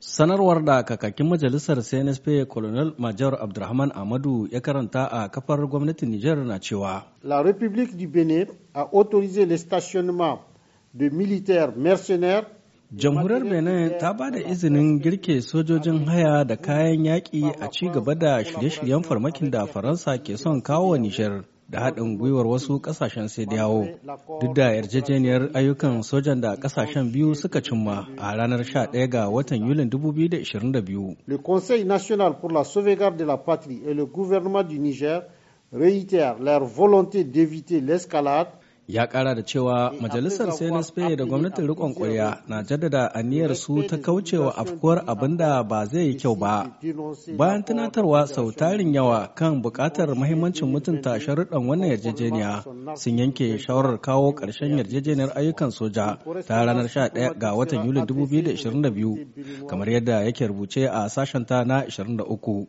Sanarwar da kakakin majalisar CNSP Colonel Major Abdurrahman Amadu ya karanta a kafar gwamnatin Nijar na cewa. La République du Benin a autorisé le stationnement de militaires mercenaires Jamhuriyar Benin ta ba da izinin girke sojojin haya da kayan yaƙi a ci gaba da shirye-shiryen farmakin da Faransa ke son kawo wa Nijar. da haɗin gwiwar wasu ƙasashen sai yawo duk da yarjejeniyar ayyukan sojan da ƙasashen biyu suka cimma a ranar 11 ga watan Yulin 2022. Le Conseil national pour la sauvegarde de la patrie et le gouvernement du Niger réitèrent leur volonté d'éviter l'escalade ya kara da cewa eh, majalisar spain da gwamnatin rikon kwarya na jaddada aniyar su ta kaucewa afkuwar abin da ba zai yi kyau ba bayan tunatarwa sau tarin yawa kan bukatar mahimmancin mutunta sharuɗan wannan yarjejeniya sun yanke shawarar kawo ƙarshen yarjejeniyar ayyukan soja ta ranar 11 ga watan yulin 2022 kamar yadda yake rubuce a sashen ta na 23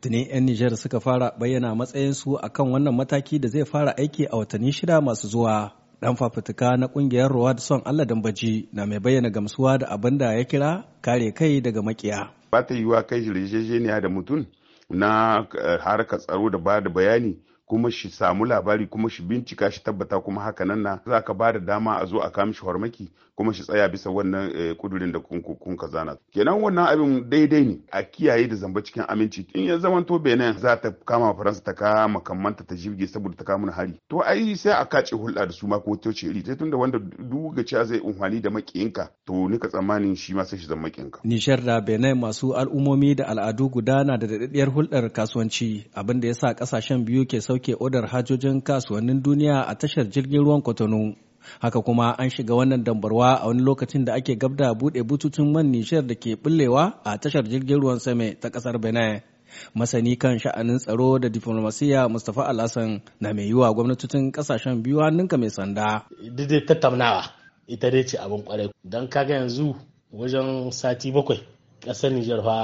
Tuni 'yan Nijar suka fara bayyana matsayinsu a kan wannan mataki da zai fara aiki a watanni shida masu zuwa. Dan fafutuka na kungiyar Ruwa da Son Allah Dambaji na mai bayyana gamsuwa da abin da ya kira kare kai daga makiya. Ba ta yiwuwa kai yarjejeniya da mutum na eh, harkar tsaro da ba da bayani kuma shi samu labari kuma shi bincika shi tabbata kuma haka nan na za ka ba da dama a zo a kama shi hormaki kuma shi tsaya bisa wannan kudurin eh, da kun ka zana kenan wannan abin daidai ne a kiyaye da zamba cikin aminci in ya zama to benin za ta kama faransa ta kama kammanta ta jirge saboda ta kama hari to ai sai a kace hulɗa da su ma ko toce iri sai tunda wanda duga cewa zai unhwani da makiyinka to nika tsammanin shi ma sai shi zama makiyinka nishar da benin masu al'ummomi da al'adu gudana da daɗaɗɗiyar hulɗar kasuwanci abinda yasa ƙasashen biyu ke sauke sauke odar hajojin kasuwannin duniya a tashar jirgin ruwan Kwatano. Haka kuma an shiga wannan dambarwa a wani lokacin da ake gabda buɗe bututun man Nijar da ke bullewa a tashar jirgin ruwan sama ta kasar Benin. masani kan sha'anin tsaro da diplomasiya mustapha alhassan na mai yiwa gwamnatocin kasashen biyu hannunka mai sanda dai tattaunawa ita dai ce abin kwarai don kaga yanzu wajen sati bakwai ƙasar nijar fa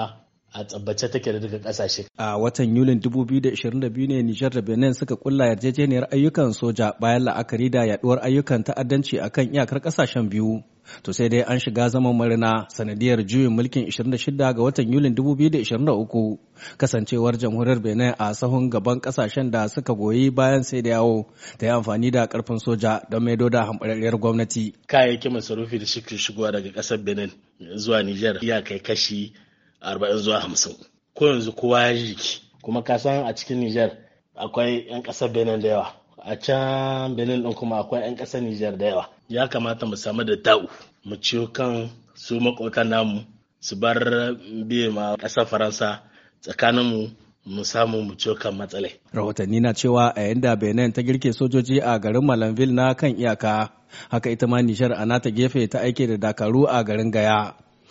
a tabbace take da daga kasashe. A watan Yulin 2022 ne Nijar da Benin suka kulla yarjejeniyar ayyukan soja bayan la'akari da yaduwar ayyukan ta'addanci akan iyakar kasashen biyu. To sai dai an shiga zaman marina sanadiyar juyin mulkin 26 ga watan Yulin 2023 kasancewar jamhuriyar Benin a sahun gaban kasashen da suka goyi bayan sai da yawo ta yi amfani da karfin soja don maido da hambararriyar gwamnati. Kayayyakin masarufi da suke shigowa daga kasar Benin zuwa Nijar ya kai kashi arba'in zuwa hamsin ko yanzu kowa ya jiki kuma ka san a cikin Nijar akwai 'yan ƙasar benin da yawa a can benin ɗin kuma akwai 'yan ƙasar Nijar da yawa ya kamata mu samu da ta'u mu ciyo kan su maƙota namu su bar biye ma ƙasar faransa tsakanin mu samu mu kan matsalai. Rahotanni na cewa a yanda Benin ta girke sojoji a garin Malanville na kan iyaka, haka ita ma Nijar a nata gefe ta aike da dakaru a garin Gaya.